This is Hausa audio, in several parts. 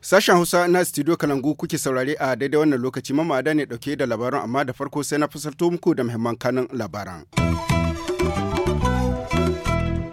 Sashen Hausa na studio Kalangu kuke saurare a daidai wannan lokaci mamada ne dauke da labaran amma da farko sai na fasalto muku da muhimman kanin labaran.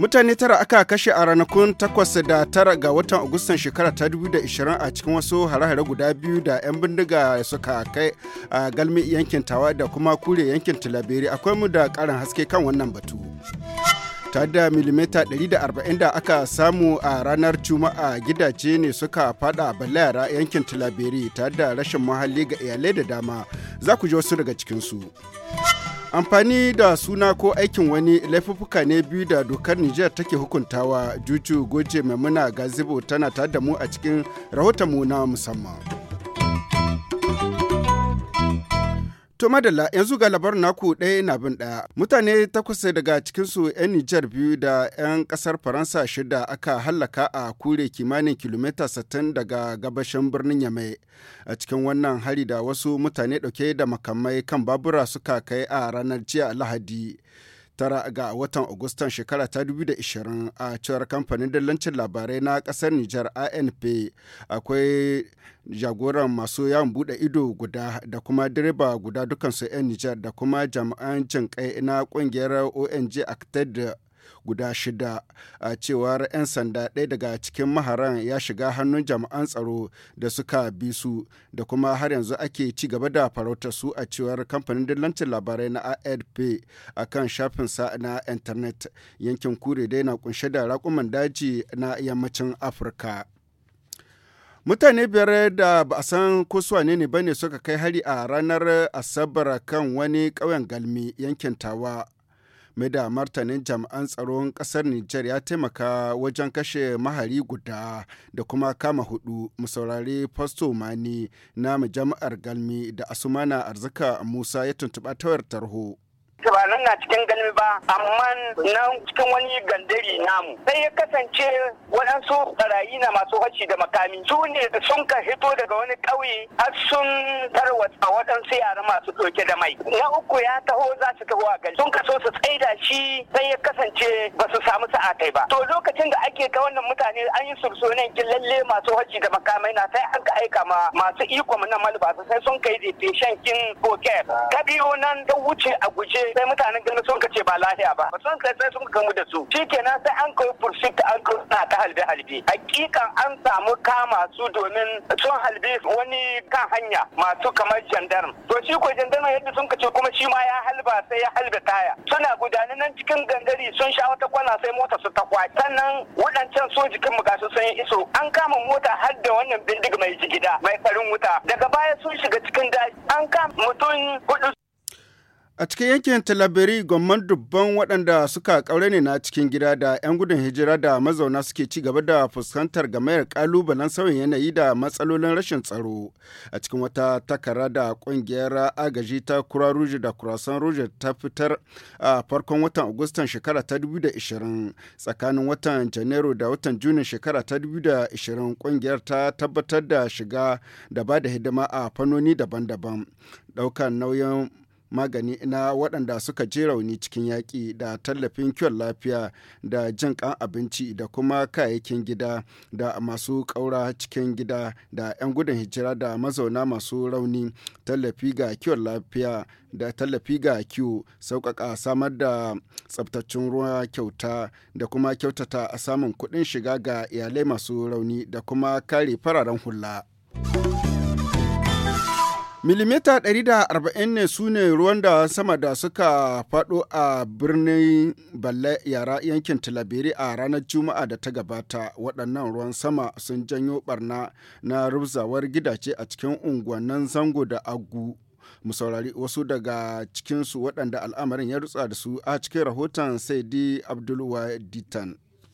Mutane tara aka kashe a ranakun takwas da tara ga watan Agustan shekara ta 2020 a cikin wasu hare-hare guda biyu da 'yan bindiga suka kai a galmi yankin tawa da kuma kure yankin tilaberi akwai mu da karin haske kan wannan batu. ta da milimita 140 da aka samu a ranar juma'a gidaje ne suka fada balayara yankin tilaberi ta da rashin muhalli ga iyalai da dama za ku ji wasu daga cikinsu. Amfani da suna ko aikin wani laifuffuka ne biyu da dokar Nijar take hukuntawa Juju Goje Maimuna Gazibo tana tada mu a cikin rahoton mu na musamman. To madalla yanzu ga labarin naku ɗaya na bin ɗaya. Mutane takwas daga cikinsu 'yan Nijar biyu da 'yan ƙasar Faransa shida aka hallaka a kure kimanin kilomita 60 daga gabashin birnin Yamai. A cikin wannan hari da wasu mutane ɗauke da makamai kan babura suka kai a ranar jiya Lahadi. tara ga watan Agustan shekara ta 2020 a cewar kamfanin dillancin labarai na kasar Nijar ANP akwai jagoran masu yawon bude ido guda da kuma direba guda dukansu 'yan Nijar da kuma jami'an jinkai na ƙungiyar ONG Acted guda shida a cewar 'yan sanda ɗaya daga cikin maharan ya shiga hannun jami'an tsaro da suka bi su da kuma har yanzu ake ci gaba da farautar su a cewar kamfanin dillancin labarai na afp a kan sa na intanet yankin kure dai na kunshe da raƙuman daji na yammacin afirka mutane biyar da ba a san ko ne ne bane suka kai hari a ranar asabar kan wani ƙauyen galmi yankin tawa mai da martanin jami'an tsaron ƙasar Nijar ya taimaka wajen kashe mahari guda da kuma kama hudu musaurari Fasto Mani na majami'ar Galmi da Asumana Arzika Musa ya tuntuɓa tawar tarho. ba nan na cikin galmi ba amma nan cikin wani gandari namu sai ya kasance waɗansu barayi na masu haci da makami su ne sun ka hito daga wani ƙauye har sun tarwatsa waɗansu yara masu ɗauke da mai na uku ya taho za su taho a gari sun ka su tsaida shi sai ya kasance ba su samu sa'a kai ba to lokacin da ake ga wannan mutane an yi ne ki lalle masu haci da makamai na sai an ka aika ma masu iko na malbasa sai sun kai da feshen kin koke Ka biyo nan ta wuce a guje sai mutanen ganin sun ce ba lahiya ba sun kai sai sun gamu da su shikenan sai an kai fursit an kai na ta halbe halbe hakikan an samu kama su domin sun halbe wani kan hanya masu kamar jandarm to shi ko jandarm yadda sun kace kuma shi ma ya halba sai ya halbe taya suna gudanar nan cikin gangari sun sha wata kwana sai mota su ta kwaci sannan waɗancan sojikin mu gasu sun yi iso an kama mota har da wannan bindiga mai jigida mai farin wuta daga baya sun shiga cikin daji an kama mutum hudu A cikin yankin Talabiri, gwamman dubban waɗanda suka ƙaure ne na cikin gida da 'yan gudun hijira da mazauna suke ci gaba da fuskantar gamayar ƙalubalen sauyin yanayi da matsalolin rashin tsaro. A cikin wata takara da ƙungiyar agaji ta Kura Ruje da Kurasan Ruje ta fitar a farkon watan Agustan shekara ta 2020 tsakanin watan Janairu da watan Junin shekara ta 2020 ƙungiyar ta tabbatar da shiga da ba da hidima a fannoni daban-daban. Ɗaukar nauyin magani na waɗanda suka je rauni cikin yaƙi da tallafin kiwon lafiya da jin kan abinci da kuma kayayyakin gida da masu ƙaura cikin gida da 'yan gudun hijira da mazauna masu rauni tallafi ga kiwon lafiya da tallafi ga kiwo sauƙaƙa samar da tsabtaccen ruwa kyauta da kuma kyautata samun kuɗin shiga ga iyalai masu rauni da kuma kare fararen hula. Milimita 140 ne su ne ruwan da sama da suka faɗo a birnin Balle yara yankin talabiri a ranar Juma'a da ta gabata. Waɗannan ruwan sama sun janyo ɓarna na rubzawar gidaje a cikin unguwannin zango da agu. Mu saurari wasu daga cikinsu waɗanda al'amarin ya rutsa da su a cikin rahoton Saidi Abdulwaditan.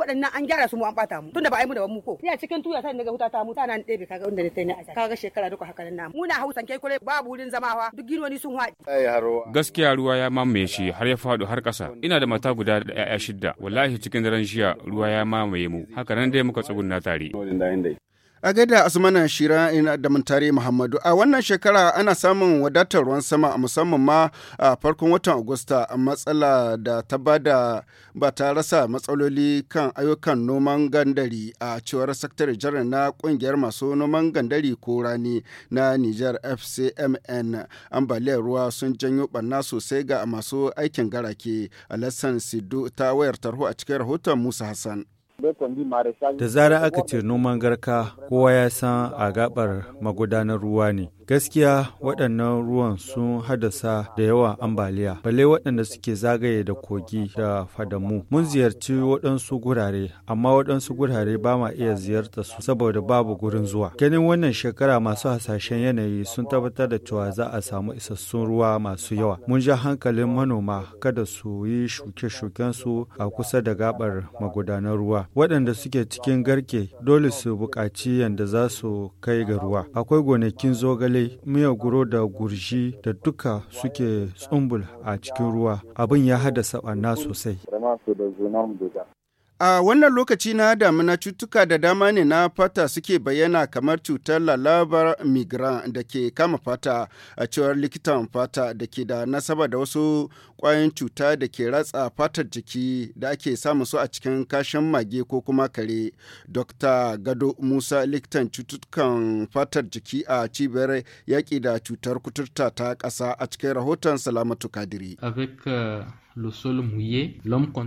waɗannan an gyara su mu an ɓata mu tunda ba ai mu da mu ko ina a cikin tuya ta daga huta ta mu tana ɗebe kaga inda ne tai ne a kaga shekara duka haka nan mu na hausan kai kure babu wurin zamawa duk ginoni sun haɗi gaskiya ruwa ya mamaye shi har ya faɗo har ƙasa ina da mata guda da ƴaƴa shidda wallahi cikin daren jiya ruwa ya mamaye mu haka nan dai muka tsugunna tare A gaida Asmanan Shira da Muntare Muhammadu a wannan shekara ana samun wadatar ruwan sama musamman ma a farkon watan Agusta a matsala da ta bada ba ta rasa matsaloli kan ayyukan noman gandari a cewar sakatare Jiran na kungiyar masu noman gandari ko rani na Niger FCMN ambaliyar ruwa sun janyo barna sosai ga masu aikin garake Alassan Sidu ta wayar tarho a cikin rahoton Musa Hassan. Da zarar aka ce noman garka kowa ya san a gabar magudanar ruwa ne. Gaskiya waɗannan ruwan sun haddasa da yawan ambaliya, balle waɗanda suke zagaye da kogi da fadamu. Mun ziyarci waɗansu gurare, amma waɗansu gurare ba ma iya ziyarta su saboda babu gurin zuwa. Ganin wannan shekara masu hasashen yanayi sun tabbatar da cewa za a samu isassun ruwa masu yawa. Mun ja hankalin manoma kada su yi shuke-shukensu a kusa da gabar magudanar ruwa. waɗanda suke cikin garke dole su buƙaci yadda za su kai ga ruwa. Akwai gonakin zogale, miya guro da gurji da duka suke tsumbul a cikin ruwa. Abin ya haddasa ɓanna sosai. A wannan lokaci na damina cutuka da dama ne na fata suke bayyana kamar cutar lalabar migran da ke kama fata a cewar likitan fata da ke da nasaba da wasu ƙwayoyin cuta da ke ratsa fatar jiki da ake samu su a cikin kashin mage ko kuma kare. Dr. Gado Musa likitan cututtukan fatar jiki a cibiyar yaƙi da cutar kuturta ta ƙasa a cikin rahoton Salamatu Kadiri. Euh,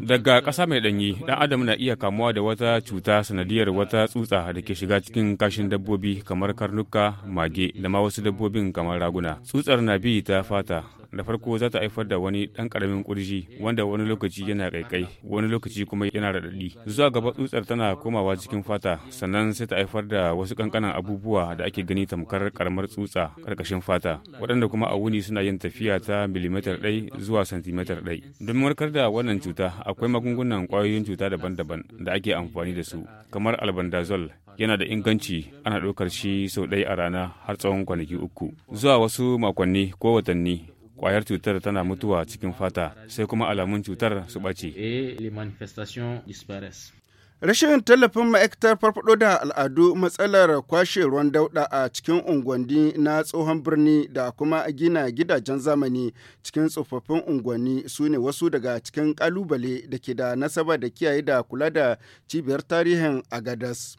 Daga ƙasa mai ɗanyi, ɗan adam na iya kamuwa da wata cuta sanadiyar wata tsutsa da ke shiga cikin kashin dabbobi kamar karnuka, mage da ma wasu dabbobin kamar raguna. Tsutsar na bi ta fata, da farko za ta haifar da wani ɗan ƙaramin ƙurji wanda wani lokaci yana ƙaiƙai wani lokaci kuma yana raɗaɗi zuwa gaba tsutsar tana komawa cikin fata sannan sai ta haifar da wasu ƙanƙanan abubuwa da ake gani tamkar ƙaramar tsutsa ƙarƙashin fata waɗanda kuma a wuni suna yin tafiya ta milimetar ɗai zuwa santimetar ɗai domin warkar da wannan cuta akwai magungunan ƙwayoyin cuta daban-daban da ake amfani da su kamar albandazol yana da inganci ana ɗaukar shi sau ɗaya a rana har tsawon kwanaki uku zuwa wasu makonni ko watanni kwayar cutar tana mutuwa cikin fata sai kuma alamun cutar su ɓace. Rashin tallafin ma'aikatar farfado da al'adu matsalar kwashe ruwan dauɗa a cikin unguwanni na tsohon birni da kuma gina gidajen zamani cikin tsofaffin unguwanni su ne wasu daga cikin kalubale da ke da nasaba da kiyaye da kula da cibiyar tarihin agadas.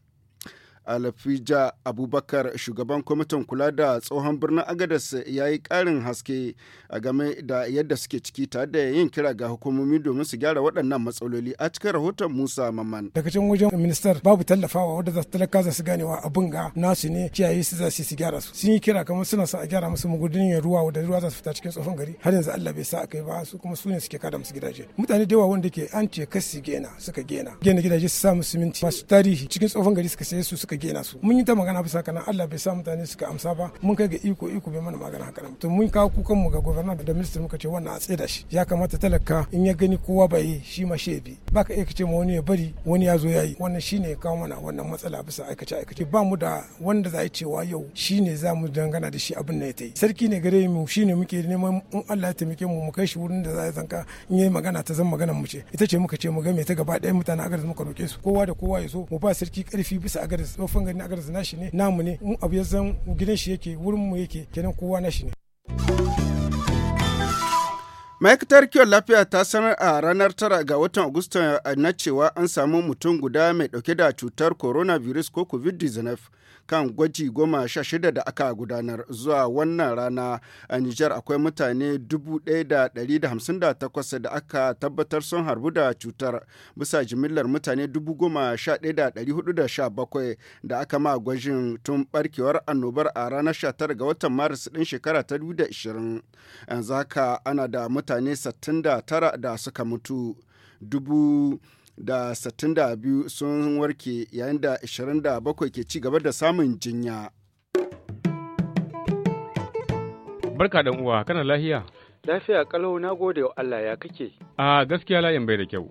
alfija abubakar shugaban kwamitin kula da tsohon birnin agadas ya yi karin haske a game da yadda suke ciki tare da yin kira ga hukumomi domin su gyara waɗannan matsaloli a cikin rahoton musa maman daga can wajen ministar babu tallafawa wadda za su talaka za su ganewa abin ga nasu ne kiyaye su za su gyara su sun yi kira kamar suna sa a gyara musu yin ruwa wadda ruwa za su fita cikin tsohon gari har yanzu allah bai sa a kai ba su kuma su ne suke kada musu gidaje mutane da yawa wanda ke an ce kasi gena suka gena gena gidaje su sa musu minti masu tarihi cikin tsohon gari suka saye su aka gina su mun yi ta magana bisa kana Allah bai sa mutane suka amsa ba mun kai ga iko iko bai mana magana haka to mun kawo kukan mu ga governor da minister muka ce wannan a tsaida shi ya kamata talaka in ya gani kowa ba shi ma shi bi baka iya kace ma wani ya bari wani ya zo ya yi wannan shine ya kawo mana wannan matsala bisa aikace aikace ba mu da wanda za a cewa yau shine za mu dangana da shi abin da ya yi sarki ne gare mu shine muke neman in Allah ya taimake mu mu kai shi wurin da za ya zanka in yayi magana ta zan magana mu ce ita ce muka ce mu ga me ta gaba ɗaya mutane agaris muka roke su kowa da kowa ya zo mu ba sarki karfi bisa tsofin gari na agadas nashi ne namu ne in abu ya san gidan shi yake wurin mu yake kenan kowa nashi ne. ma'aikatar kiwon lafiya ta sanar a ranar tara ga watan agusta na cewa an samu mutum guda mai dauke da cutar coronavirus ko covid-19 kan gwaji goma sha shida da aka gudanar zuwa wannan rana a Nijar akwai mutane 1,158 da aka tabbatar sun harbu da cutar bisa jimillar mutane 11,417 da aka ma gwajin tun barkewar annobar a ranar 19 ga watan maris din shekara ta 2020 yanzu haka ana da mutane mutane 69 da suka mutu. Dubu da 62 sun warke yayin da 27 ke ci gaba da samun jinya. Barka dan uwa kana lahiya? Lafiya kalau na gode wa Allah ya kake. A gaskiya layin bai da kyau.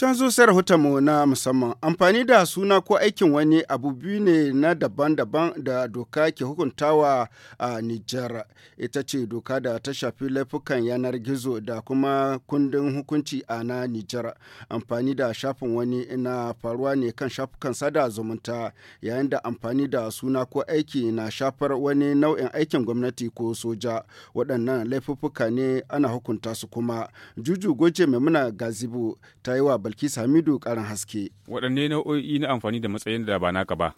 Can zo sai mu na musamman amfani da suna ko aikin wani abu biyu ne na daban-daban da doka ke hukuntawa a Nijar. Ita ce doka da ta shafi laifukan yanar gizo da kuma kundin hukunci a na Nijar. Amfani da shafin wani na faruwa ne kan shafukan sada zumunta yayin da amfani da suna ko aiki na shafar wani nau'in aikin gwamnati ko soja. Waɗannan laifuka ne ana hukunta su kuma. Juju Goje Maimuna Gazibu ta yi wa Balki Samidu karin haske. Waɗanne nau'o'i na amfani da matsayin da ba naka ba?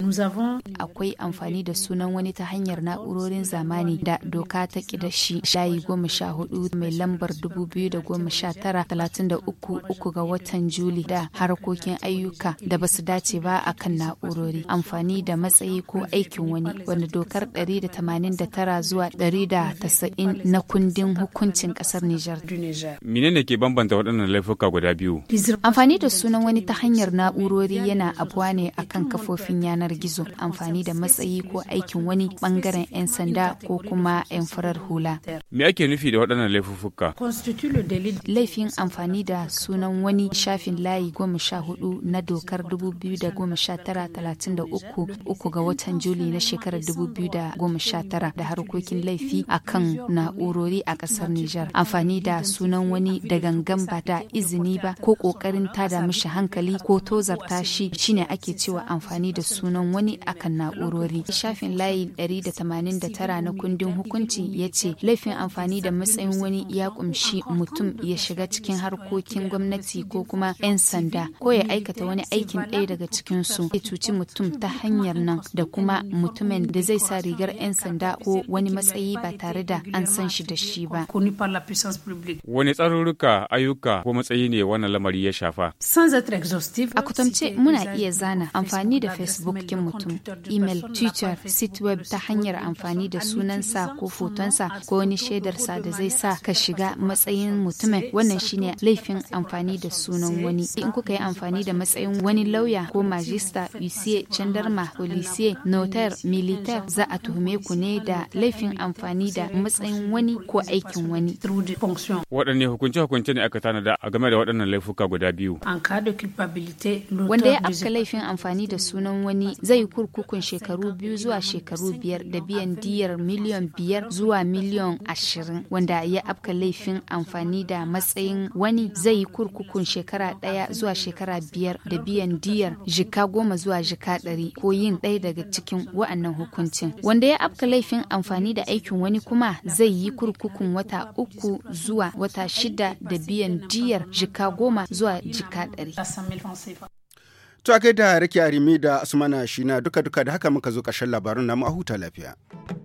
Akwai amfani da sunan wani ta hanyar na'urorin zamani da doka ta kidashi shayi goma sha hudu mai lambar dubu biyu da goma sha tara talatin da uku uku ga watan Juli da harkokin ayyuka da basu dace ba a kan na'urori. Amfani da matsayi ko aikin wani wanda dokar ɗari da tamanin da tara zuwa ɗari da tasa'in na kundin hukuncin ƙasar Nijar. Menene ke bambanta waɗannan laifuka guda biyu? Amfani Amfani da sunan wani ta hanyar na'urori yana abuwa ne akan kafofin yanar gizo, amfani da matsayi ko aikin wani bangaren 'yan sanda ko kuma 'yan farar hula. Me ake nufi da waɗannan laifuffuka? Laifin amfani da sunan wani shafin layi goma sha hudu na dokar dubu biyu da goma sha tara talatin da uku uku ga watan Juli na shekarar dubu biyu da goma sha tara da harkokin laifi akan na'urori a ƙasar Nijar. Amfani da sunan wani da gangan ba da izini ba ko ƙoƙarin tada mishi hankali ko tozarta shi shine ake cewa amfani da sunan wani akan na'urori shafin layi 189 na kundin hukunci ya ce laifin amfani da matsayin wani ya kumshi mutum ya shiga cikin harkokin gwamnati ko kuma 'yan sanda ko ya aikata wani aikin ɗaya daga cikinsu ya cuci mutum ta hanyar nan da kuma mutumin da zai sa rigar 'yan sanda ko wani matsayi ba tare da an san shi da shi ba. Wani tsarurruka ayyuka ko matsayi ne wannan lamari ya shafa? shafa. A kwatance muna iya zana amfani da Facebook kin mutum, email, Twitter, site web ta hanyar amfani da sunansa ko fotonsa ko wani shaidarsa da zai sa ka shiga matsayin mutumin wannan shine laifin amfani da sunan wani. In kuka yi amfani da matsayin wani lauya ko majista, UCA, candarma, polisiye, notar, militar za a tuhume ku ne da laifin amfani da matsayin wani ko aikin wani. Waɗanne hukunce-hukunce ne aka tanada a game da waɗannan laifuka guda biyu? biyu. Wanda ya afka laifin amfani da sunan wani zai yi kurkukun shekaru biyu zuwa shekaru biyar da biyan diyar miliyan biyar zuwa miliyan ashirin wanda ya afka laifin amfani da matsayin wani zai yi kurkukun shekara ɗaya zuwa shekara biyar da biyan diyar jika goma zuwa jika ɗari ko yin ɗaya daga cikin wa'annan hukuncin. Wanda ya afka laifin amfani da aikin wani kuma zai yi kurkukun wata uku zuwa wata shida da biyan diyar jika goma zuwa jika ɗari. To a kai da Rake Arimi da Asmana na duka-duka da haka muka zo ƙarshen labarun namu a huta lafiya.